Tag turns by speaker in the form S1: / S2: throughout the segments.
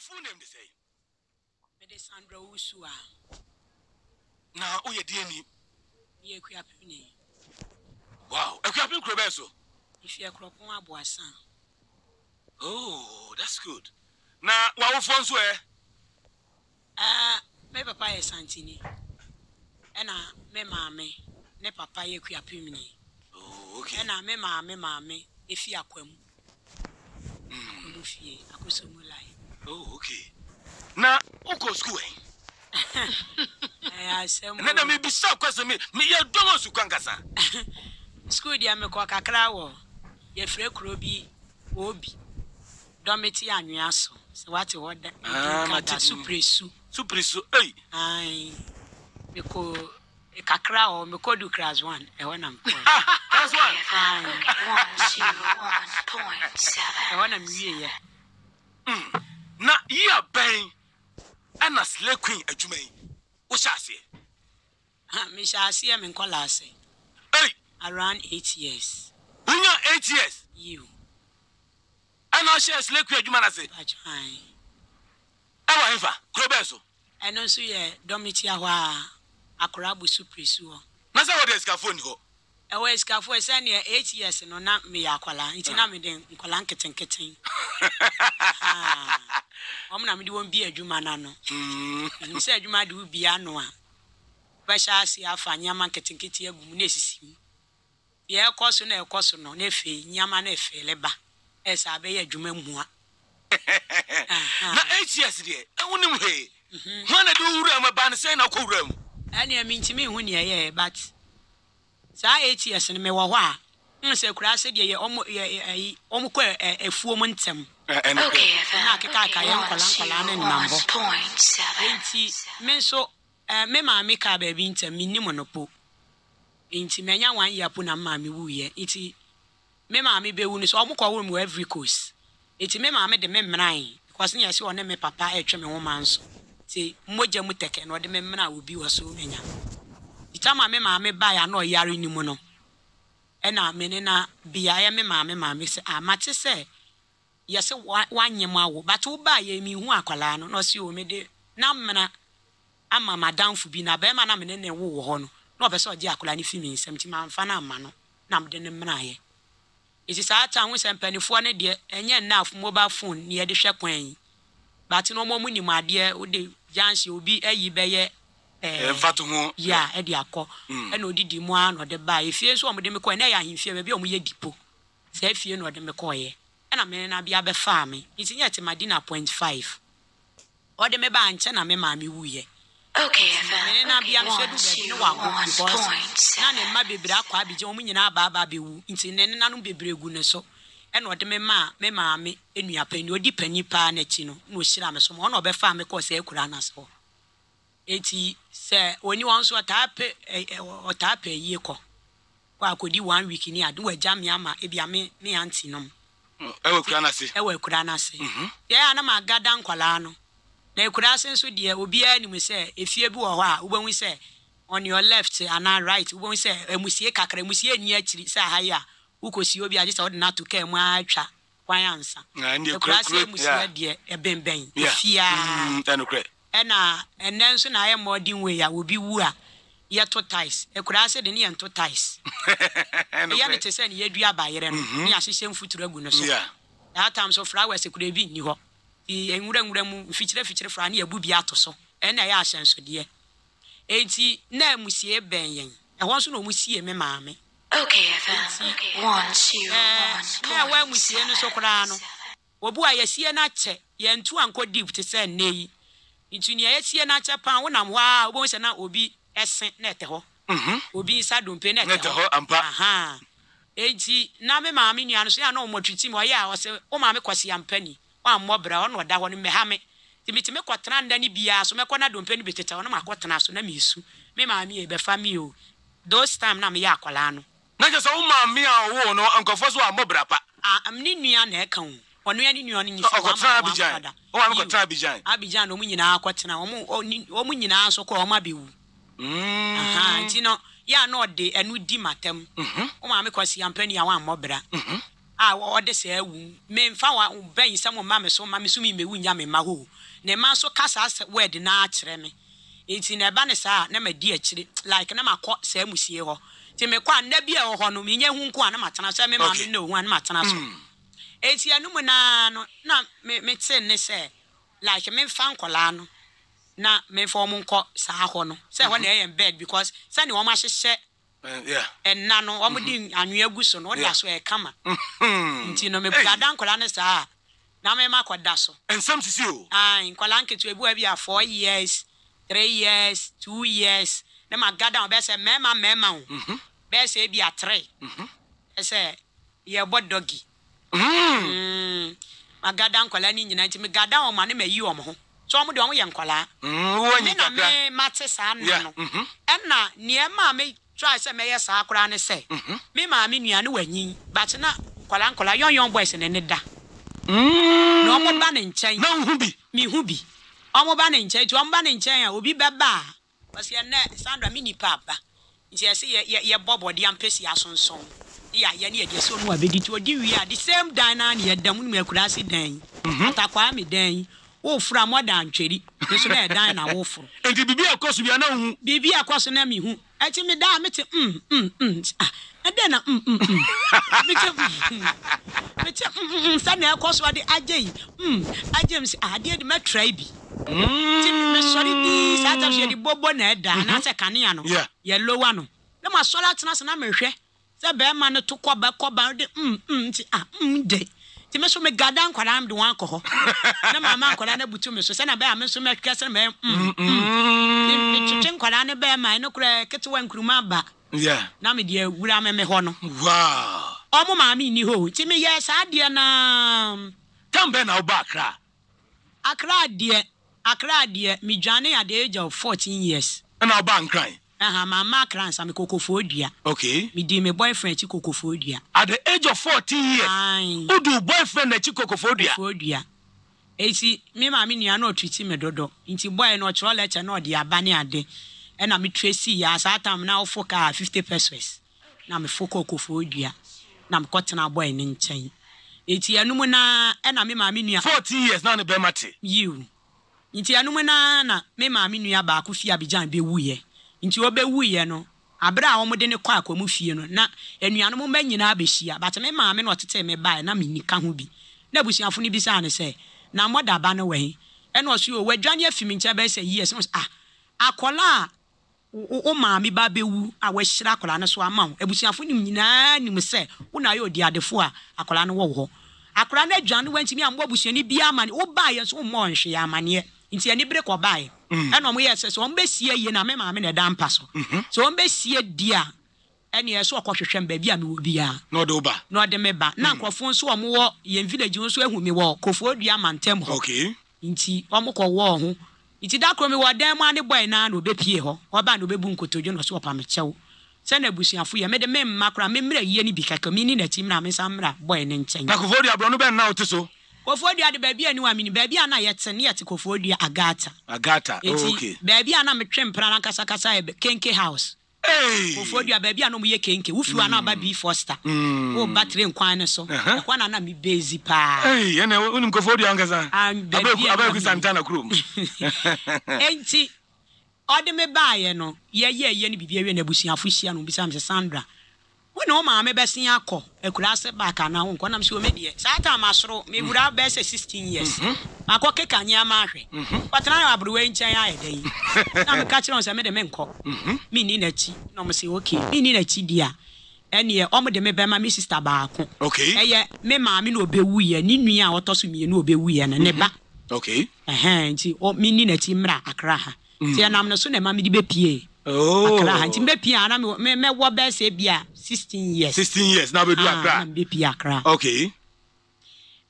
S1: to full name de sey mede sandra wusu a na woyɛ deɛ ni meyɛ akuapem ni wow akuapem kuro bɛɛ so mfiri akorɔpɔn aboasa oh that's good na wawofoɔ nso ɛ uh, me papa yɛ santini ɛna me maame ne papa yɛ akuapem ni oh, okay. ɛna me maame maame ɛfi akwam mm. akwamu fie lai. Oh, okay. Na wokɔ sukuu ɛ. Nana mi bisa kwaso mi mi yɛ dɔn su kan kasa. Sukuu deɛ mi kɔ kakra wɔ yɛfrɛ kuro bi obi dɔmiti anwea so sɛ wate hɔ da. Ah, ma ti supresu. Supresu eyi. Ayi mi kɔ e kakra hɔ mi kɔ do class one ɛhɔ e na mi kɔ. Ah, class one. Ayi one zero one point seven. Ɛhɔ e na mi wie yɛ na yia bɛn ɛna slay queen adwuma yi wohyɛ aseɛ mehyɛ aseɛ me nkɔla ase ei around eight years wonya eight years you ɛna ɔhyɛ slay queen adwuma no ase ɛwɔ hefa kuro bɛɛ so ɛno nso yɛ dɔmiti ahɔ a akora bu supiri so hɔ na sɛ wɔde asikafoɔ ni hɔ ɛwɔ asikafoɔ ɛ sɛneɛ eight years no na meyɛ akwalaa nti na mede nkwalaa nketenketen ah. ɔm na mede wɔn bi adwuma no ano ɛnim sɛ adwuma de wo no a wobɛhyɛ ase afa nneɛma nketenkete agu mu na deɛ ɛkɔ na ɛkɔ so na ɛfei nneɛma na abɛyɛ adwuma mua na eight years deɛ hɔ mhm. na de wowura na wokɔ wura mu ɛneɛ mentimi but saa ats no mewɔ hɔ a n sɛ kura sɛdeɛ yɛ yɛ ɛyi ɔmo mu ntɛm. na aka yɛ nkɔla nkɔla ne nti nso me maame kaa baabi ntɛm nti nya wɔn na maame wu yɛ nti me maame bɛwu no so ɔmo kɔ mu every coast nti me maame de me ne ɔne me papa me nti mmogya mu tɛkɛ na ɔde me mmeran a nkyɛn maame maame baeɛ a na ɔyare ne mu no ɛna mene na beaeɛ me maame maame sɛ amakye sɛ yɛsɛ woanyɛ mu awo but akwaraa no na ɔse o na mmena ama madamfo bi na barima na mene ne na ɔpɛ sɛ ɔgye akwaraa fi nsɛm ama no na mede ne mmenaeɛ saa ho sɛ deɛ ɛnyɛ nna mobile phone ne yɛde hwɛ kwan Eh, eh, mfato ho yɛ a ɛde eh, akɔ ɛna mm. ɔdidi mu a na ɔde baa efie nso a ɔmo de mi kɔɛ na ɛyɛ ahemfie baabi a ɔmo yɛ dipo saa efie na ɔde mi kɔɛ ɛna mi na bi abɛfaa mi nti nyɛ ti ma di na point five ɔde mi baa nkyɛn na mi maame wu yɛ mene na bia one, sɛ one, baabi ne wɔakɔ because na ne mma bebree akɔ abegye ɔmo nyinaa abaaba abɛwu nti ne nenanom bebree gu ne so ɛna ɔde me maa me maame nua panyin ɔdi panyin paa n'akyi no na ɔhyira me so ma ɔna ɔbɛfaa me kɔɔ sɛ akura no asɛ hɔ eti sɛ oni wɔn nso ɔtaa pɛ ɛ ɛ ɔtaa pe yie kɔ kɔ akɔdi one week ni adi wagya mi ama ebi ame mi aunty nom. Mm, ɛwɔ ekura n'ase. ɛwɔ ekura n'ase. Mhm. yɛn a nam agada nkwadaa no na ekura ase nso deɛ obiara nim sɛ efie bi wɔ hɔ a wobɛhu sɛ on your left ana right wobɛhu sɛ emusie kakra emusie ni ekyiri sɛ aha yi a wokɔsi obi agye sɛ wɔde n'ato kaa mu atwa kwan ansa ekura ase emusie deɛ ɛbɛnbɛn efiaa. Mm, ɛna ɛnɛ nso na ayɛ mmɔden wei a obi wu a yɛto tais akuraa sɛ de ne yɛnto tais ɛyɛ ne te sɛ ne yɛdua abayerɛ no mhm. ne yɛahyehyɛ mfuturo agu no so that time so flowers kuraa bi nni hɔ nwura nwura mu mfikyire fikyire fra ne yɛbu bi ato so ɛna ɛyɛ ahyɛnsodeɛ enti na amusie bɛn yɛn ɛhɔ nso na ɔmu sie me maame eh, na ɛwɔ amusie no so koraa no wɔbu a yɛsie no akyɛ yɛntu ankɔ deep te sɛ nnɛ nti nea esie n'akyɛ paa wonam hɔ a wobɛn sɛ na obi ɛse na ɛtɛ hɔ mhm. obi nsa dompe na ɛtɛ hɔ eti na me maame nua no so yɛ a na ɔmo tuti mu ɔyɛ a ɔsɛ o maame ni ampani wammɔ bra ɔno ɔda hɔ no mmɛha me nti metumi kɔtena nda no biara so mɛkɔ na dompe no bi teta hɔ na makɔtena so na mesu me maame yɛ bɛfa me o those time na meyɛ akɔlaa no na kyɛ sɛ wo maame a ɔwoo no nkɔfoɔ so wammɔ bra pa ne nua na ɛka wo ɔno ne nua no nyisɔkɔtena abigyan ɔwa no kɔtena abigyan abigyan na ɔmu nyinaa kɔtena ɔmu nyinaa nso kɔ ɔma bɛwu nti no yɛa na ɔde ɛno di matam wo maame si ampani a woammɔ bra a ɔde saa wu memfa wa bɛyi sɛ mo ma me so ma me so memɛwu nya me mma hoo ne ma nso ka saa word no akyerɛ me nti na ɛba ne saa na madi akyire like na makɔ saa musie hɔ nti mekɔ a nna bi a ɛwɔ hɔ no menyɛ hu nko a na matena so ɛmema me na ɔhu a na matena so ehyia no naa no na mete ne sɛ like memfa nkɔlaa no na memfa ɔmo nkɔ saa hɔ no sɛ hɔ na mhm. ɛyɛ bed because sɛne ɔmo ahyehyɛ ɛna eh, no ɔmo mhm. de anwea gu so no ɔda so ɛkama mhm. nti no mepɛ da nkɔlaa no saa na mema kɔda so nsɛm sisi o nkɔlaa nketewa bi wa bi a four years three years two years ne ma gada ɔbɛ sɛ mɛɛma mɛɛma o bɛɛ sɛ ebi a three ɛsɛ yɛbɔ dɔgi Hmm. Hmm. magada nkwadaa ne nyinaa nti megada wɔn ma ne ma yi wɔn ho so wɔn de wɔn yɛ nkwadaa ne hmm, na me ma saa nna no mhm. ɛnna nneɛma a me try sɛ mɛyɛ saa koraa ne sɛ mhm. me maame nua ne wanyin but na nkwadaa nkwadaa yɔn yɔn boys ne ne da na wɔn ba ne nkyɛn na nhu bi mihu bi wɔn ba ne nkyɛn nti wɔn ne nkyɛn a obi bɛba a wɔsi ɛnɛ sandra mi nipa aba nti yɛsi yɛ yɛ yɛ bɔ bɔdeɛ mpesi asonsɔn. yà yẹ ni ẹdiyẹ sọnu abedi ti o di wi a the same dan naa ni yẹ dan mu ni mu ekura dan yi mhm. atakwa mi dan yi o fura mọ dan tweri nso na ɛdan na o nti bibi ɛkɔ so bi ana hu. bibi ɛkɔ so na mi hu ɛti mi dan mi ti mm mm mm ah ɛdɛ na mm mm mm mi ti mm mm mi ti mm, mm mm sani ɛkɔ so adi agye yi mm agye mi si ah, adeɛ di mɛ tura yi bi. Mm. ti mi sɔri bii saa ta fi yɛ di bobo na ɛda mhm. anasɛ kanea no yɛ lowa no ne ma sɔri atena so na mi sɛ bɛrima no to kɔba kɔba de mm mm nti a ah, mm, de nti me so me gada nkwadaa de wɔn akɔ hɔ na maama nkwadaa no abutu me so sɛ na a me so mɛhwɛ sɛ mɛ mm mm twetwe nkwadaa no bɛrima ne kora ketewa nkuruma aba na mede awura me me hɔ no ɔmo maame nni hɔ nti meyɛ saa deɛ na tam bɛɛ na wobɔ akra akra deɛ akra deɛ medwane at the age of 14 years ɛna wobaa nkran aha mama kransa me kokofo dua okay medi me boyfriend akyi kokofuo dua at the age of 14 years wodu boyfriend akyi kokofo dua kokofuo dua eti me maame nua na ɔtwiti me dodo nti boy na ɔkyerɛ lecture na ɔde aba ne ade ɛna me tracy ya saa time na ɔfo kaa 50 pesos na me fo kokofuo dua na me kɔtena boy ne nkyɛn eti ɛnum na ɛna me maame nua 14 years na ne bɛrima te yiw nti ɛnum na na me maame nua baako fi abidjan bɛwuyɛ nti ɔbɛwuiɛ no abere a wɔde ne kɔ akɔmu fie no na anuanom mma nyinaa bɛhyia but me maame na ɔtete me bae na menni ho bi na abusuafo no bisaa ne sɛ na mmɔda ba no wɛn ɛna ɔso o wadwane afi me nkyɛn bɛyɛ sɛ yie sɛ ah akɔla a wo maame ba bɛwu a wahyira akɔla no so ama wo abusuafo nim nyinaa nim sɛ wo na ayɛ odiadefo a akɔla no wɔ wɔ hɔ akɔla no adwane wantumi ammɔ abusuani biara amane wobaeɛ nso wommɔ nhwee amaneɛ nti ani bere kɔ baa yi mm. ɛna ɔmo yɛ sɛ sɛ ɔmo bɛ sie yie na me maame na ɛda mpa so mhm. sɛ ɔmo bɛ sie die a ɛni ɛsɛ ɔkɔ hwehwɛ mu baabi a mi wɔ biara. na ɔde ba. na ɔde mi ba na mm. nkurɔfoɔ nso ɔmo wɔ yɛn village nso ehu mi wɔ kofoɔ dua mantam hɔ. okay. nti ɔmo kɔ wɔ ɔho nti dakoro mi wɔ dan mu ani bɔyɛ naa na obepie hɔ ɔbaa na obebu nkotodwe na ɔsɛ ɔpamikyɛw sɛnɛ busuafo yɛ mɛde mɛ mma koraa mɛ mmerɛ yie ni bi kɛkɛ mi ni n'akyi mmerɛ a mi nsa mmerɛ bɔyɛ ne nkyɛn. na kofoɔ dua aburɔ no bɛn na ɔte so. kofoɔ de baabi a ni wa mini baabi a na yɛte ne yɛte kofoɔ dua agata agata oh, okay baabi a na metwe mpra na nkasakasa yɛ kenke house hey. baabi a na ɔmoyɛ kenke wofiwa mm. na aba mm. bi foster mm. woba tere nkwan ne so uh-huh. ɛkwa uh -huh. na na mebezi paa hey, wonim kofoɔ nkasa abɛku santana kurom enti ɔde me baayɛ no yɛyɛ yɛ no biribi awie na abusuafo hyia no bisa me sɛ sandra wo ne wo maame bɛsen akɔ akura ase back anaa wo nkɔ nam sɛ wɔmɛ deɛ saa tam asoro mewura bɛɛ sɛ 16 years mhm. makɔ keka nneɛma ahwɛ mhm. watena na aberewa nkyɛn ayɛ dɛ yi na meka kyerɛ wo sɛ mede menkɔ menni mhm. n'akyi na ɔm sɛ ok menni n'akyi di a ɛneɛ ɔmo de me bɛma me sista baako ɛyɛ me maame na ɔbɛwuyɛ ne nua a ɔtɔ so mmienu ɔbɛwuyɛ no ne ba nti menni n'akyi mmra akra ha nti ɛnam no so na ɛma mede bɛpie oh. akra ha nti mbɛpie a na mɛwɔ bɛɛ sɛ bia sixteen years. sixteen years na abedu akra ah na mbe pii akra. okay.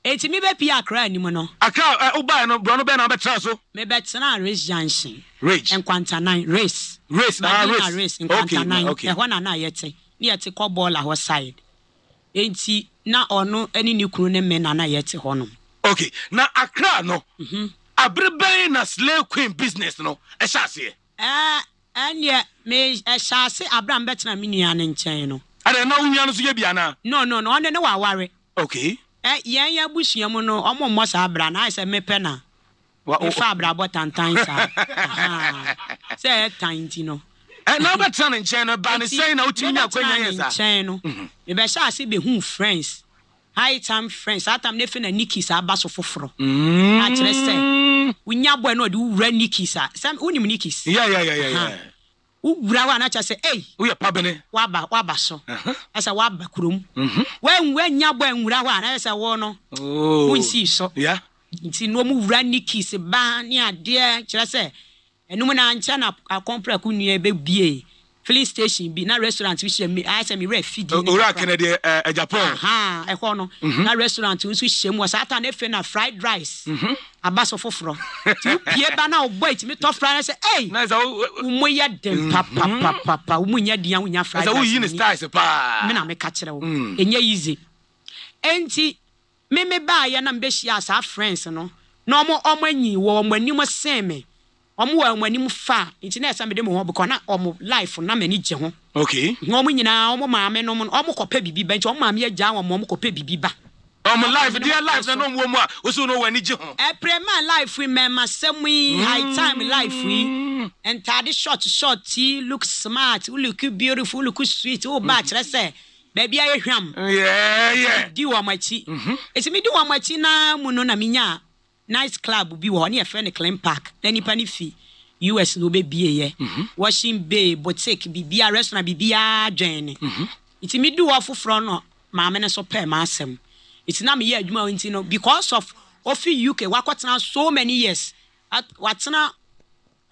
S1: eti mi bɛ pii akra anim no. akra ɛ eh, o baa no burano bɛɛ na bɛ tena so. mi bɛ tena race junction. race nine, race. race na race race nkwantanan okay okay ɛhɔ na na yɛ te ne yɛ te kɔ bɔɔl ahɔ side eti na ɔno ɛne ne kunu ne mɛ na na yɛ te hɔ nom. okay na akra no. Mm -hmm. abere bɛn na slay queen business no ɛhyɛ e aseɛ. ɛɛ eh, ɛnneɛ mi ɛhyɛ e ase abere a mi bɛ tena mi nua ne nkyɛn no ada na wo nua no so yɛ bi anaa no no no ɔne ne waaware okay ɛ eh, yɛn yɛ abusua mu no ɔmo mmɔ saa abira na ayɛ sɛ mepɛ na nfa abrabɔ tantan saa sɛ ɛyɛ eh, tan ti no eh, na wobɛtena ne nkyɛn no ba ne sɛn na wotumi nya akwanya yɛ saa nkyɛn no mebɛhyɛ ase bɛhu friends high time friends saa tam ne fɛ na nikis aba so foforɔ mm-hmm. akyerɛ sɛ wonya bɔɛ no ɔde wowura nikis a sɛ wonim nikis wowura wo anakyɛ sɛ ei woyɛ pabene waba waba so ɛsɛ waba kurom mhm. woannya bɔ anwura hɔ a na ɛsɛ wo no oh. wonsii sɔ nti na ɔmu wura ne kis ba ne adeɛ kyerɛ sɛ ɛnom na nkyɛ na akɔmprako nnua bɛbie filling station bi na restaurant bi hyɛ mu ayɛsɛ mi rɛ fidi. owurɔ akɛnɛ deɛ ɛɛ ɛja pɔn. ɛhɔ no mhm. na restaurant nso hyɛ mu wɔ saa ata ne fɛ na fried rice. Mhm. abaso foforɔ tí pie ba na o bɔ ìtìmí tɔ fura ɛ sɛ ɛyi o mo yɛ dɛn papapapa o mo yɛ diya o nya fried rice. ɛsɛ o yi ni styles paa. mi na mi ka kyerɛ o mm. ɛnyɛ easy ɛnti mímí báyɛ na mi bɛ hyia saa friends no na ɔmo ɔmo anyi wɔ ɔmo anim sɛn mi wɔn wɔ wɔn anim fa nti na mi de mu wɔn bikɔ na wɔn life na mɛ gye ho. ok wɔn nyinaa wɔn maame nom no wɔn kɔpɛ bibi ba nti wɔn maame agya wɔn wɔn kɔpɛ bibi ba. ɔmo life deɛ life na n'omu omu a osu na ani gye ho. ɛpɛrɛmà eh, life yi mɛma sɛm yi mm. high time life yi ntaade short short yi look smart look beautiful look sweet o ba kyerɛ mm. sɛ baabi ayɛ hwam. di wɔn akyi esi mi di wɔn akyi naa mu no na mi nya nice club bi wɔ hɔ ne yɛfrɛ no clean park na nipa ne fi us na obɛbie yɛ mhm. washing bay boutique biribia restaurant biribia dwɛn ne mhm. nti medu hɔ foforɔ no maame no so pɛɛ maasɛm nti na meyɛ adwuma wo nti no because of ofi uk wakɔtena so many years watena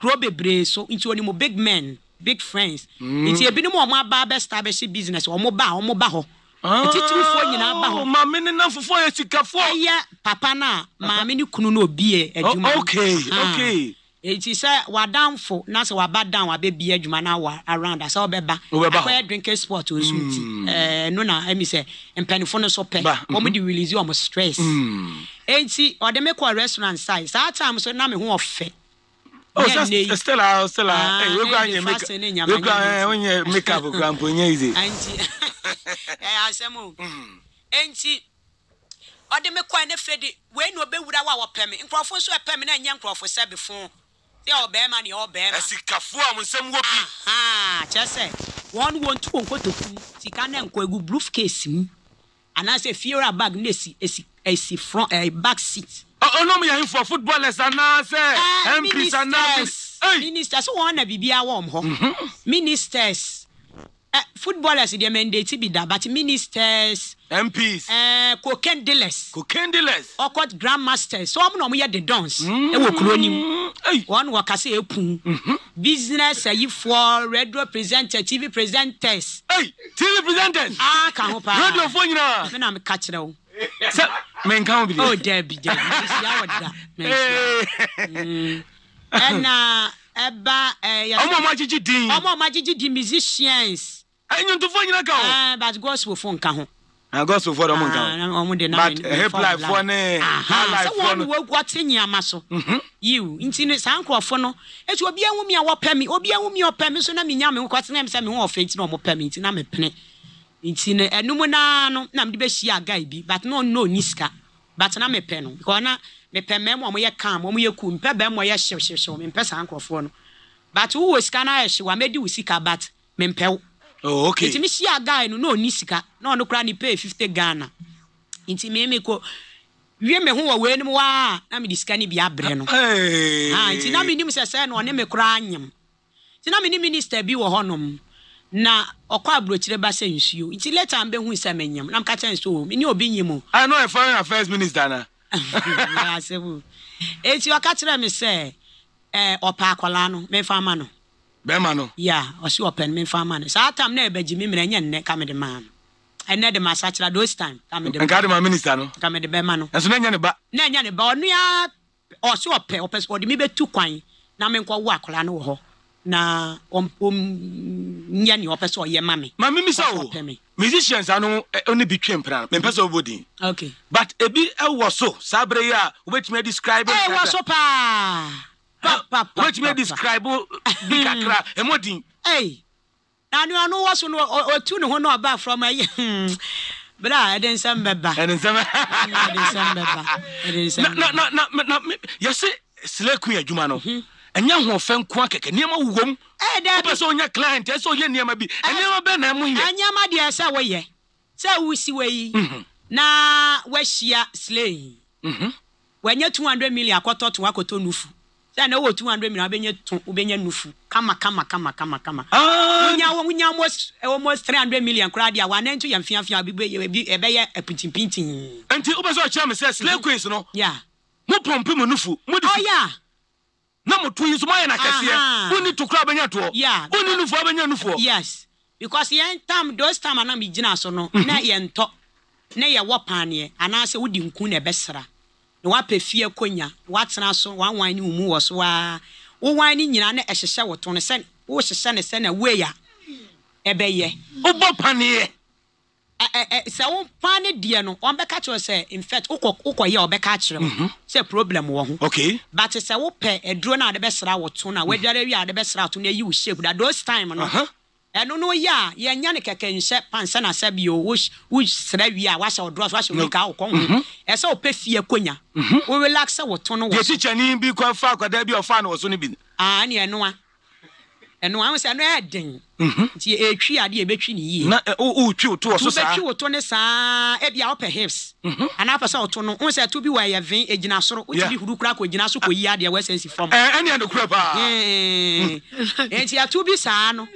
S1: kuro bebree so nti onimu big men big friends mm. nti ebinom a aba abɛsta abɛhyɛ business wɔn ba wɔn ba hɔ titirifoɔ ah, nyinaa ba hɔ maame ne nan fufuo yɛ sikafoɔ ɛyɛ papa no a maame ne kunu no obi yɛ oh, adwuma okay ah. okay eti sɛ wadanfo na sɛ waba dan wabɛbi adwuma na wa around asɛ wobɛba akɔyɛ drinking sport ɔsu nti ɛno hmm. eh, na ɛmi sɛ mpanifo no so pɛ wɔm mhm. de release wɔm stress hmm. enti ɔde me kɔ restaurant side saa time so na me ho ɔfɛ oh stella stella eh ah, we go anya make we go anya make up go eh asem hmm. o enti ɔde me kɔɛ ne fɛdi wei na ɔbɛwura wo a wɔpɛ me nkurɔfo nso ɛpɛ me na ɛnyɛ nkurɔfo sɛ befo sɛ ɔbɛrima ne ɔbɛrima asikafoɔ a mo nsɛm wɔ bi kyerɛ sɛ wɔn wɔntu wɔn kotoku sika na nkɔ egu blue case mu anaasɛ fiora bag na si si front ɛɛ eh, back seat ɔnom yɛn fɔ footballers anaasɛ ah, mps anaasɛ. ministers so wɔn na biribiara wɔn hɔ mhm. ministers uh, footballers deɛ mandate bi da but ministers. mps. Uh, cocaine dealers. cocaine dealers. ɔkɔ grandmasters so wɔn na wɔn yɛ the dons. Mhm. ɛwɔ kuro ni mu wɔn wɔ kase ekun. Mhm. business ɛyifoɔ radio presenters, tv presenters. Hey, tv presenters. a kan ho paa radio fo nyinaa. mi na mi ka kyerɛ o sɛ menka wo biriɛ dabi dabi hyia wɔ da ɛna ɛba ɔmo ɔmo agyegye din ɔmo ɔmo agyegye din musicians ɛnyintufoɔ nyina ka ho but gospelfoɔ nka ho gospelfoɔ dɛ ɔmo nka hobut hiplifoɔ ne highlifoɔ no sɛ wɔn wɔte nyeama so yiw nti no saa nkurɔfoɔ no ɛti obiara hu mi a wɔpɛ mi Obi hu mi a ɔpɛ mi nso na mi nya mi nkɔ tena mi sɛ mi ho ɔfɛ nti na ɔmo pɛ mi nti na mi pene nti no ɛnum naa no na mede bɛhyia guy bi but na ɔno ɔni sika but na mepɛ no because na mepɛ mmarima a wɔyɛ calm wɔyɛ cool mpɛ barima a ɔyɛ hyewhyewhyew mempɛ saa nkurɔfoɔ no but wowɔ sika no ayɛ mɛdi wo sika but mempɛ oh, okay. nti mehyia guy no na ɔni sika na ɔno koraa ne pay 50 ghana nti meme kɔ wie me ho wɔ wei nom waa na mede sika no bi abrɛ no ah, nti na menim sɛ sɛ no ɔne me koraa nyem nti na mene minister bi wɔ hɔnom na ɔkɔ aburokyire ba sɛ nsuo nti later an bɛhu sɛ menyam na mka kyɛ nsuo ne obi nyim o ɛno ɛ foreign affairs minister na asɛm ɛnti ɔka kyerɛ me sɛ ɔpɛ akɔlaa no memfa ma no bɛrima no ya ɔse ɔpɛ no memfa ma no saa tam na ɛbɛgye me mmerɛ ɛnyɛ nnɛ ka maa no ɛnɛ de masa kyerɛ those time ka mede nka de ma minister no ka mede bɛma no ɛso na ne ba na ɛnyɛ ne ba ɔnoa ɔse ɔpɛ ɔpɛ sɛ ɔde me bɛtu kwan na menkɔwo akɔlaa na nyɛ nea ɔpɛ sɛ ɔyɛ ma me ma mimi o musicians ano eh, ne bi twɛ mpra no mempɛ sɛ wobɔ din okay. but ebi ɛwɔ eh, so saa berɛ yi a wobɛtumi adescribe ɛwɔ eh, so paa wobɛtumi adescribe bi kakra ɛmɔ din na nea no wɔ so no ɔtu ne ho na ɔba frɔm ɛyɛ hmm, bra ɛde nsɛm bɛba ɛde nsɛm bɛba ɛde nsɛm bɛba na na na na yɛse sile kun yɛ adwuma no mhm ɛnyɛ ahoɔfɛ nko akɛkɛ nneɛma wowom eh, wopɛ sɛ ɔnyɛ client ɛsɛ ɔyɛ nneɛma bi ɛnneɛma eh, bɛ na moyɛ nneɛma deɛ sɛ woyɛ sɛ wosi wɔ yi mhm. na woahyia slay wanyɛ 200 million akɔtɔ to akɔtɔ nufu sɛ na wowɔ 200 million wobɛnya to wobɛnya nufu kama kama kama kama kama ah! wonya wonya almost almost 300 million koraa deɛ wana nto yɛ mfeafea ɛbɛyɛ apintimpintin nti wopɛ sɛ ɔkyerɛ me sɛ slay mhm. queens no mopɔmpe mu nufu mode oh, na mo to yi so mayɛ na kɛseɛ woni to kora bɛnya toɔ woni nufoɔ bɛnya nufoɔ yes because yɛn tam those time anam gyina so no mhm. na yɛntɔ na yɛwɔ paaneɛ anaasɛ wode nku na ɛbɛsra na woapɛ fie konya woatena so wanwan ne mu wɔ so aa wowan ne nyinaa na ɛhyehyɛ wo to no sɛ wohyehyɛ no sɛ na wei a ɛbɛyɛ wobɔ paneɛ Eh, eh, eh, sɛ wo paa ne deɛ no ɔbɛka kyerɛ sɛ infect wokɔyɛ ɔbɛka kyerɛ m mhm. sɛ problem wɔ ho but sɛ wopɛ aduro no a de bɛsra wo to no a wadware wie a de bɛsra wo no ayi wo shape da those time no uh-huh. ɛno no yɛ a yɛnya ne kɛkɛ nhyɛ pansɛ na sɛ bio wosrɛ wie a wahyɛ wo drɔs wahyɛ woka wokɔ ho mhm. ɛsɛ wopɛ fie konya mhm. wo relax sɛ wo to no wɔ so kyɛne bi kɔfa akwadaa bi ɔfa no wɔ so no bi ɛne ɛno a ɛno ahụ sị ɛno yɛ den nti etwi adeɛ ebetwi ne yie na e, o twi otu ɔso saa tubetwi otu ne saa ebi mm-hmm. a ɔpɛ hips anaa pɛ sɛ ɔto no n sɛ tu bi wɔ ɛyɛ ven egyina soro o ti bi huru kura kɔ gyina so kɔ yi adeɛ wɔ ɛsɛnsi fam ɛɛ ɛni ɛni kura paa nti atu bi saa no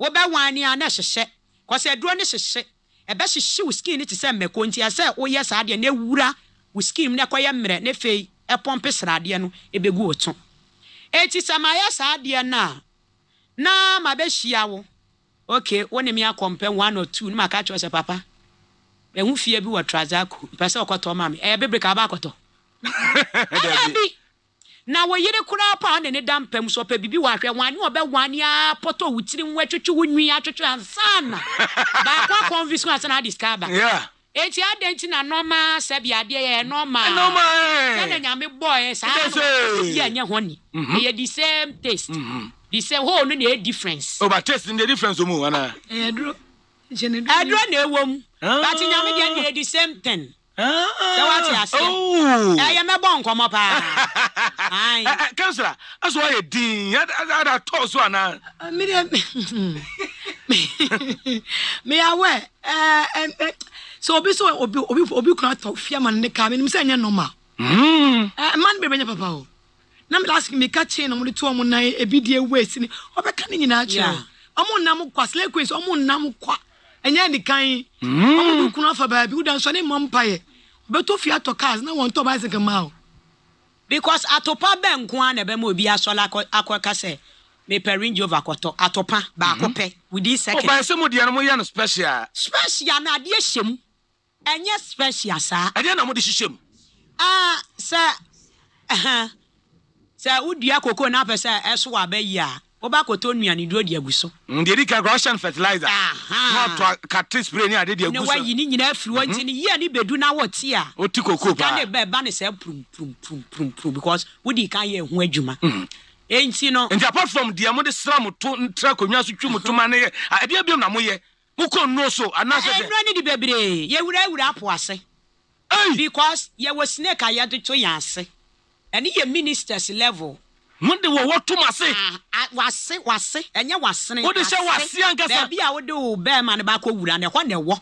S1: wɔbɛ wan ni a na ɛhyehyɛ kɔsɛ aduro ne hyehyɛ ɛbɛ hyehyɛ wo skin ne ti sɛ mmɛko nti ɛsɛ oyɛ saa adeɛ na ewura wo skin ne kɔyɛ mmerɛ ne fei ɛpɔmpe sradeɛ no ebegu otu eti sɛ ma yɛ saa adeɛ naa na ma bɛhyia wo okay wo ne me akɔ mpɛn one or two ne ma ka kyerɛ sɛ papa ɛho fie bi wɔ trasako mpɛ sɛ ɔkɔtɔ ma me ɛyɛ bebre ka aba akɔtɔ bi na wɔyere koraa pa ɔne ne da mpɛm so ɔpɛ biribi wɔahwɛ wane wo tiri wo nwi ansana baako na eti nti na nọọma eh. nyame eh, saa eh. nye de sɛ hoo no na ɛ difference. o ba test n de difference o mu wana. ɛduro ɛduro na ewo mu bati nyame deɛ na edi same thing. sɛ wate ase ɛyɛ mɛbɔ nkɔmmɔ paa kansila asɛ woayɛ din ada tɔɔ so anaa medeɛ meyɛwɛ sɛ obi sɛ obi kuna tɔ fiama no ne ka menim sɛ ɛnyɛ normal ma no bɛbɛnyɛ papa o na last meka kyee na mode to ɔmo nan ebi deɛ ewu esi ni ɔbɛka ne nyinaa kyerɛ ɔmo nam kwa slay queens ɔmo nam kwa ɛnyɛ nikan mm. ɔmo de kunu afa baabi wuda nso ne mɔ mpa yɛ ɔbɛto fi atɔ cars na wɔn tɔ bicycle ma because atopa bɛɛ nko a na ɛbɛn mu obi asɔla akɔ kasɛ mepɛ range over akɔtɔ atopa baako mm-hmm. pɛ within oh, seconds. ɔbɛn sɛ mo deɛ no mo special. special na adeɛ hyɛ mu ɛnyɛ special saa. ɛdeɛ na mo de hyehyɛ mu. aa ah, sɛ ɛhɛn sɛ wodua koko na apɛ sɛ ɛso abɛyi a woba koto nnuane duro de agu so deɛ di ka russian fertilizer na ɔtɔ kate spray ne ade de agu so ne wayi ni nyinaa firi hɔ nti ne yie ne bɛdu na wɔte a ɔti koko paa sika ne bɛɛba ne sɛ purumpurumpuru because wodi ka yɛ ho adwuma ɛnti hmm. no nti apart from deɛ mode sra mo to ntra akonnwa so twi mo toma ne yɛ ɛdeɛ biom na moyɛ mokɔ nnuo so anaasɛ ɛnura ne de bebree yɛwurawura apo ase because yɛwɔ snake a yɛde to yɛn ase ɛne yɛ ministers level mode wɔ wɔtom ase ah, ah, wase wase ɛnyɛ wasene wode hyɛ wase ankasa baabi a wode wo bɛɛma no baakɔ wura no ɛhɔ ne ɛwɔ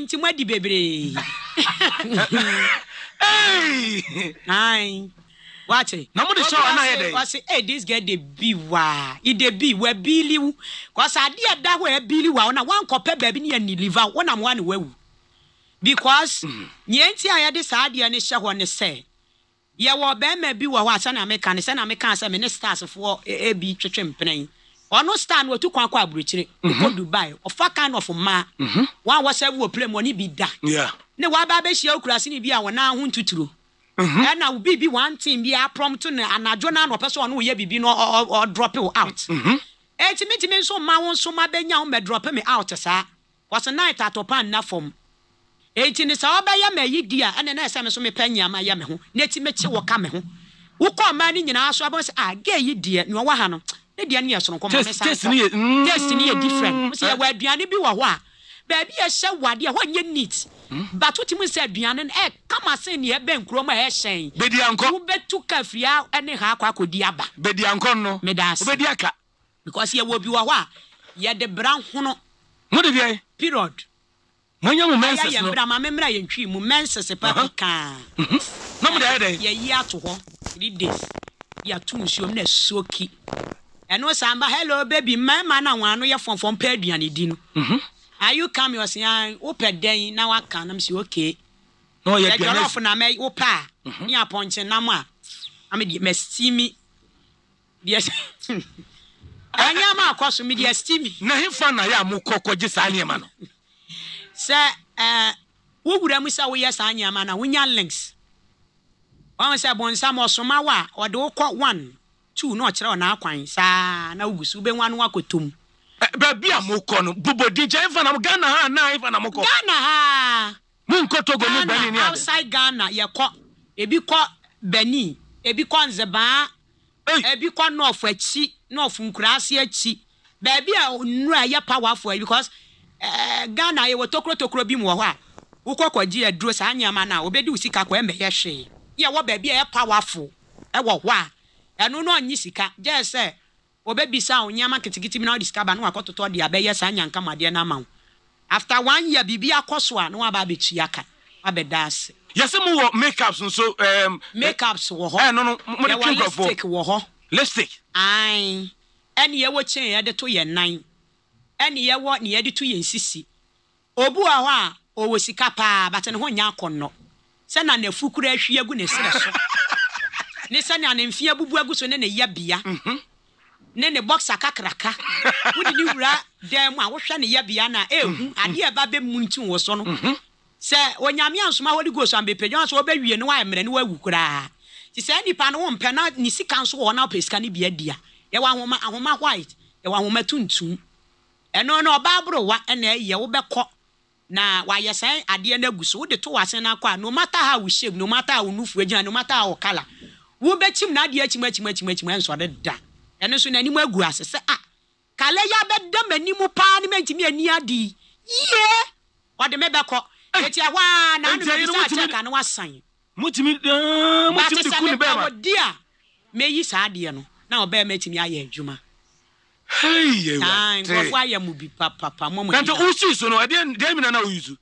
S1: nti moadi bebree wakye na mo de sɛ ɔna yɛ dɛ ɔsi ee this girl de bi waa e de bi wa biili wu kɔsi adi a da hɔ yɛ biili wa ɔna wɔn kɔpɛ baabi ni yɛ niliva wɔn na mo wa ni wa wu because mm. nyɛ nti a yɛde saa adeɛ ne hyɛ hɔ ne sɛ yɛwɔ bɛrima bi wɔ hɔ a sɛnea meka ne sɛnea meka sɛ me ne starsfoɔ ebi e, twetwe mpenɛn ɔno star no otu kwan kɔ aburukyire kɔ mhm. dubai ɔfa kind of mmaa mhm. wɔn a wɔsɛ wɔ plane mu ɔne bi da ne waba abɛhyia okura sini bi a wɔn nan ho ntuturo mhm. ɛna biribi wɔn ten bi aprɔmto ne anadwo na ɔpɛ so ɔno yɛ biribi no ɔdrɔpe wo out etimitimi nso mmaa wo nso mma bɛnya wo mɛ drɔpe me out saa wɔsɛ night atɔ pan na fam eti ni sɛ ɔbɛyɛ ma ayi di a ɛna na ɛsɛ me so mepɛ nyiama yɛ me ho na ti mekyi wɔ ka me ho wokɔ ɔmaa no nyinaa so abɛn sɛ a ah, gɛ yi deɛ nea ɔwɔ ha no ne deɛ no yɛ soronko ma mesa test no mm. yɛ different sɛ eh. yɛwɔ aduane bi wɔ hɔ a baabi yɛhyɛ wadeɛ hɔ nyɛ neat bato ti mu sɛ aduane no ɛ kama sen ne ɛbɛn kurom a ɛhyɛn bedi ankɔ wobɛtu ka afia ɛne ha akɔ akɔdi aba bedi ankɔ no medaase wobɛdi aka because yɛwɔ bi wɔ hɔ a period monyɛ mo menses no yɛmbra ma memmra yɛntwii mu menses pa kaa mhm. na mode ayɛ dɛn yɛyi ato hɔ three days yɛato nsuom na asuo ki ɛno saa mba hello baby mmarima no a wɔn ano yɛ fɔmfɔm pɛ aduane di no mhm. are you come your sin ah, wopɛ dɛn na waka nam sɛ okay na ɔyɛ aduane ɛjɔlɔfo na mɛ wopɛ a mhm. ne apɔnkye nam a ame deɛ mɛsi mi deɛ ɛnyɛ ama akɔ mi deɛ si mi na na yɛ a mokɔkɔgye saa nneɛma no sɛ ɛɛ eh, wowura mu sɛ woyɛ saa nneɛma na wonya links wɔn sɛ bɔnsam ɔsoma wa ɔde wokɔ one two na ɔkyerɛ ɔna akwan saa na wogu so wobɛnwa no wakɔtɔ mu. Eh, baabi a mokɔ no bobodi nkyɛn nfa na mo ghana ha anaa nfa na mo kɔ. ghana ha. mu nkɔ togo mu benin ni ade. outside ghana yɛ kɔ ebi kɔ benin ebi kɔ nzebaa ebi kɔ nɔɔfo akyi nɔɔfo nkuraase akyi baabi a nnura yɛ powerful because. Eh, ghana yɛwɔ tokorotokoro bi mu wɔ hɔ a wokɔ kɔgye aduro saa nneɛma no a wɔbɛdi wo sika kɔ ɛmɛyɛ hwee yɛwɔ baabi a ɛpa wafo ɛwɔ hɔ a ɛno no ɔnye sika gye sɛ wɔbɛbisa wo nneɛma ketekete bi na wode sika ba na wakɔtotɔ de abɛyɛ saa nyankamadeɛ no ama wo after one year biribi akɔ so a na waba abɛtua ka wabɛda ase yɛsɛ mu wɔ makeups nso um, makeups wɔ hɔ ɛno eh, no mode twe nkurɔfoɔ lipstick wɔ hɔ lipstick ae ɛne yɛwɔ kyɛn yɛde to yɛ nan ɛne yɛwɔ ne yɛde to yɛn sisi obu wɔ hɔ a ɔwɔ sika paa bata ne ho nya akɔnnɔ sɛna nafu kura ahwi agu ne serɛ so ne sɛnea ne mfea bubu agu so ne ne yabea mhm. ne ne bɔksa kakraka wode ne wura dan mu a wohwɛ ne yabea na ɛhu mhm. adeɛ ɛba bɛmu nti wɔ so no mhm. sɛ onyame ansoma holy ghost ambɛpɛgya so wobɛwie no woayɛ mmerɛ ne woawu koraa nti sɛ nipa no wompɛ na ne sika nso wɔ na wopɛ sika no bi adia yɛwɔ ahoma white yɛwɔ ahoma tuntum ɛno no ɔbaa borowa ɛna ɛyɛ wobɛkɔ na wayɛ sɛn adeɛ no agu so wode to wase no akɔ a no mata ha wo hyɛm no mata wo nufuo gyina no mata wo kala wobɛkyim na adeɛ akyim akyim akyim akyim ɛnsɔre da ɛno so n'anim agu ase sɛ a ah, kala yi abɛda m'anim paa ne mantumi ani adi yie ɔde me bɛkɔ ɛti eh, ɛhɔ a naano mɛbi sɛ akyɛka no wasan mutumi mutumi de kun ne bɛɛ ma bate sɛ mepɛ wɔ di a meyi saa adeɛ no na ɔbɛɛ mɛtumi ayɛ adwuma nkurɔfoɔ ayɛ mu bi papapa mɔmɔ yi na wosi so no ɛdeɛ nyina na woyi so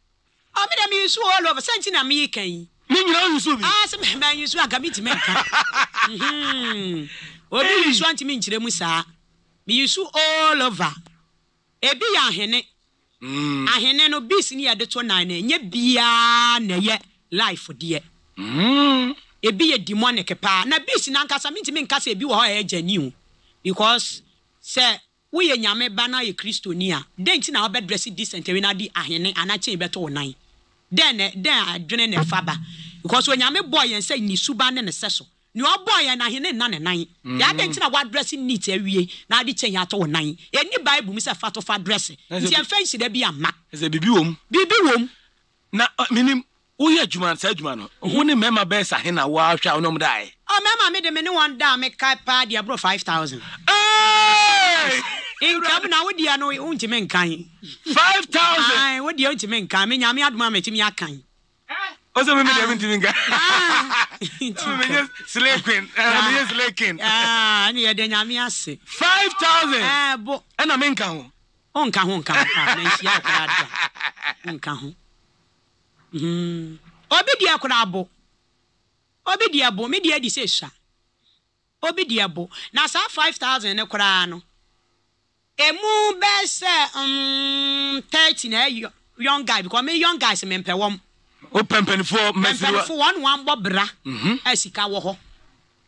S1: ɔmi all over sɛ na meyi ka yi ne nyina ah sɛ mɛmɛ yi so anka mitimi nka mhm. obi yi so antimi nkyerɛ mu all over ebi yɛ ahene mm. ahene no bees ni yɛde to nan na life deɛ mm. ebi yɛ demonic na bees nankasa mitimi nkasa ebi wɔ hɔ a because. sɛ woyɛ nyame ba na yɛ kristoni a dɛn nti na wobɛdrɛse decent wi na de ahene anakyɛn bɛtɔ wo nan dɛn ne dɛn adwene ne fa ba because onyame bɔɔ yɛn sɛ ni suba ne ne sɛ so ne ɔbɔɔ yɛn na ahene nna ne nan mm. yɛ nti na woadrɛse neat awie na ade kyɛn yɛ atɔ wo nan ɛni bible mu sɛ fa drɛse nti ɛmfa nhyira bi biribi na menim woyɛ adwuma saa adwuma no mhm. wo ne mmarima bɛɛ sɛ ahena woahwɛ a wonom daeɛ mmarima mede me ne wɔn da a mekae paa deɛ borɔ 5000 nkam na wo deɛ no nkan five thousand nkan me nyame adoma matumi akan o nyame ase ɔnka ho ho obi deɛ kora bo obi oh, hmm. oh, deɛ oh, bo me adi sɛ sua obi de ɛbo na saa five thousand ne koraa no emu bɛɛ sɛ um, thirty na ɛyɛ e young guy because me young guys me mpɛ wɔm. o pɛmpɛnifoɔ mɛsiriwa pɛmpɛnifoɔ wɔn wɔn bɔ bra. ɛsika mhm. wɔ hɔ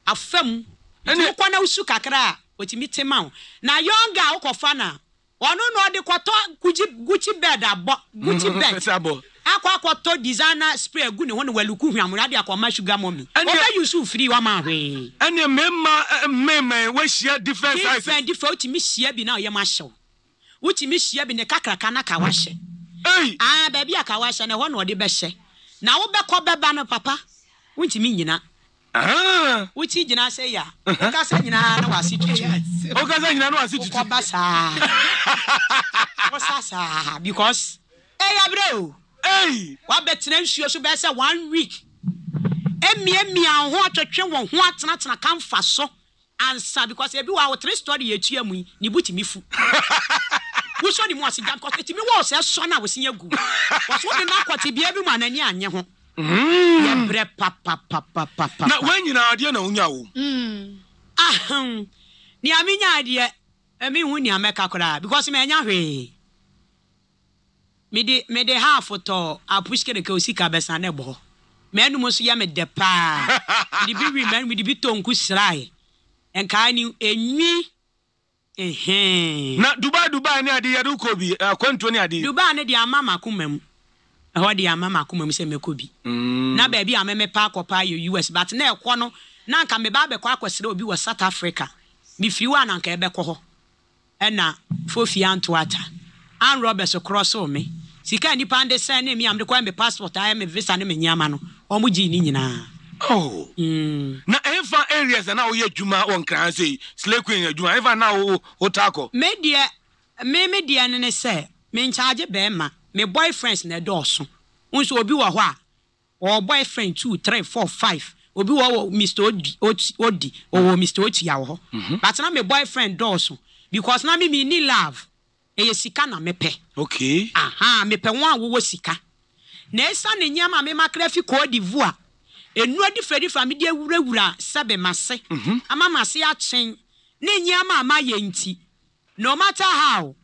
S1: afɛm ɛni kɔ na osu kakra a otimi te ma o na young guy okɔ fa na ɔno na ɔde kɔtɔ gucci gucci bed abɔ gucci mhm. bed. akɔ akɔtɔ designer spray gu ne ho ne waluku hwamura de akɔma sugar mɔmi ɔbɛ yusu firi wama hwee. ɛnni mmarima mmarima wɔahyia different sizes. different different wotumi hyia bi na ɔyɛ mu ahyɛw wotumi hyia bi ne kakraka na kawa hyɛ. aa baabi a kawa hyɛ no ɛhɔ na ɔde bɛhyɛ na wobɛkɔ bɛba no papa wontumi nyina. Ah! wotu gyina sɛ yɛ a uh-huh. wokasa nyinaa na wase tutumwokasa nyinaa na wase tutumwokɔba saa wɔsa saa because ɛyɛ berɛ o ei wabɛtena nsuo so bɛyɛ sɛ one week emiamia ho atwetwe wɔn ho atenatena kamfa so ansa because ebi wɔ a wɔtere story yɛ etua mu yi ne bu tumi fu wosɔ ne mu ɔsi gya because etumi wɔ ɔsɛ sɔ na wɔsi egu wɔsɔ ne na akɔte bia bi mu anani anye ho. Mm. yɛbrɛ papapapapa. na wɔn nyinaa adeɛ na wonya wo. Mm. ahun nea mi nya adeɛ emi hu nea mɛka koraa because mɛ nya hwee mede mede half tɔ apusikereke o sika bɛsa ne bɔ mɛnum nso yɛ me dɛ paa mede bi wi mɛnum mede bi tonku srae nkaa ni enwi ehem. na dubai dubai ne adi yɛde ko bi akwantuo ne adi. dubai ne de ama mako mɛm ɛhɔ de ama mako mɛm sɛ mɛko bi. Mm. na baabi a mɛmɛ pa akɔ pa yɛ us but na ɛkɔ no na nka mɛba abɛkɔ akɔsrɛ obi wɔ south africa mifiri wa na nka ɛbɛkɔ hɔ ɛna fofi antoata ann roberts korɔ so me sika nipa de sɛn ne mi amde kɔ me passport ayɛ me visa ne me nneɛma no ɔmo gyi ne nyinaa. Oh. Mm. na ɛmfa areas na woyɛ adwuma wɔ nkran sɛ slay queen adwuma ɛmfa na wotakɔ me deɛ me me deɛ no ne sɛ menkyagye bɛrima me boyfriends na ɛdɔɔso nso obi wɔ hɔ a ɔwɔ boyfriend two three four five obi wɔ mr odi odi ɔwɔ mr otia wɔ hɔ mhm. but na me boyfriend dɔɔso because na me mi ni love ɛyɛ sika na mepɛ okay. aha mepɛ wɔn a wɔwɔ sika na ɛsiane nneɛma a memakra fi cote divoire nnuro diferɛdiferɛ di mede awurawura sɛbe mase mhm. ama mase akyen ne nneɛma a mayɛ nti na ɔmata how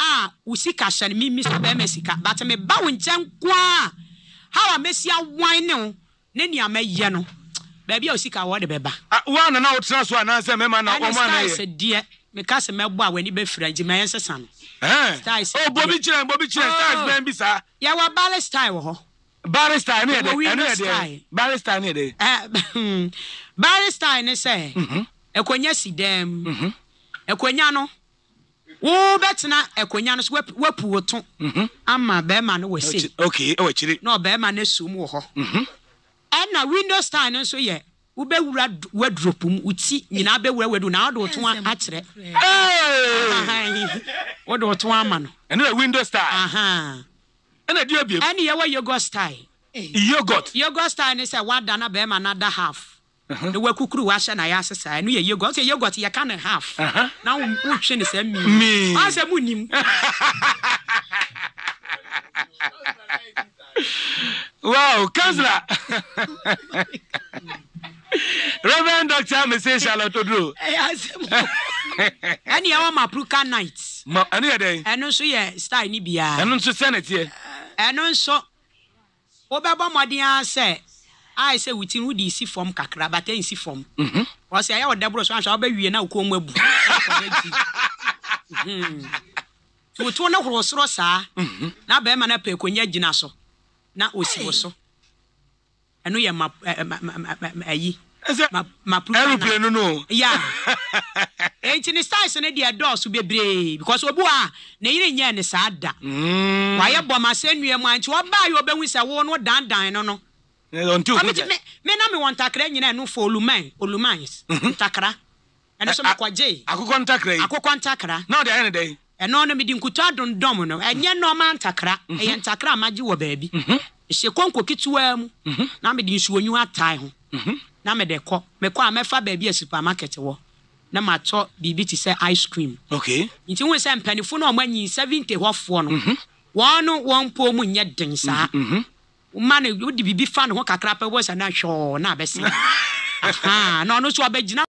S1: a wo sika hyɛ no mimi sɛ bɛrima sika but meba wo nkyɛn nkoa a how a mɛsi awan ne wo ne nea mɛyɛ no baabi a wo sika wɔde bɛba woana na wotena so anaasɛ mɛma na ɔmɔ anayɛ deɛ meka sɛ mɛbɔ a w'ani bɛfira nti mayɛ nsesa no Oh, Bobby kyerɛ bobi kyerɛ styles bɛn bi saa. yɛwɔ bali style wɔ hɔ. bali style ne yɛ dɛ ɛne yɛ dɛ bali style ne yɛ dɛ. bali style ne sɛ ɛkonya si dɛm ɛkonya no wobɛtena akonnya no so wapu wo to ama bɛrima no wɔse na ɔbɛrima no asum wɔ hɔ ɛna window style no nso yɛ wobɛwura wadrop mu wo ti nyinaa bɛwura wadu na wode wo to akyerɛ wode woto ama no ɛne na window style ɛna dua biem ɛne yɛwɔ yogot style eh. yogot yogot style ne sɛ wada na bɛrima na da half na wakukuru wahyɛ na yɛase saa ɛno yɛ yogot sɛ yogot yɛka ne half na wotwe ne sɛ mii ɔsɛ monim wow councillor reverend dr mrs charlotte oduro eh, ɛne ɛwɔ mapruka night yes. ma ɛno yɛ dɛn. ɛno nso yɛ style ni biara. ɛno nso sɛ nɛteɛ. ɛno nso wobɛbɔ mmɔden a sɛ ayɛ sɛ wo ti no wode si fam kakra bata nsi fam mhm. ɔsɛ ɛyɛ wo daboro so anhwɛ wobɛwie na wokɔn mu abu mhm. wotuo no horo soro saa mhm. na bɛrima no apɛ akonya gyina so na ɔsi wo so ɛno yɛ ayi aeroplane no ya enti ne styles no deɛ dɔɔso bebree because obi a ne yere nyɛɛ ne saa da mm. wayɛ bɔma sɛ nnua mu a nti wɔbaa yɛ wobɛhu sɛ wo no dandan no no mena mewɔ ntakra nyina ɛno fo oluman olumans mhm. ntakra ɛno so mekɔgyee akokɔ ntakra akokɔ ntakra na ɔde ayɛ ne dɛn ɛno no mede nkuta dondɔm no ɛnyɛ nɔɔma ntakra mhm. ɛyɛ ntakra a magye wɔ baabi mhm. ɛhyɛ konko ketewaa mu na mede nsuonwu atae ho na mede kɔ mekɔ a mɛfa baabi a supermarket wɔ na matɔ biribi te sɛ ice cream okay. nti hu sɛ mpanifo no a ɔmanyi 70 hɔfoɔ no mhm. wɔn no wɔn mpo mu nyɛ den saa mhm, mhm, ma no wode biribi fa ne ho kakra pɛ wɔ sɛ no ahwɛɔ na abɛsɛ na ɔno nso ɔbɛgyina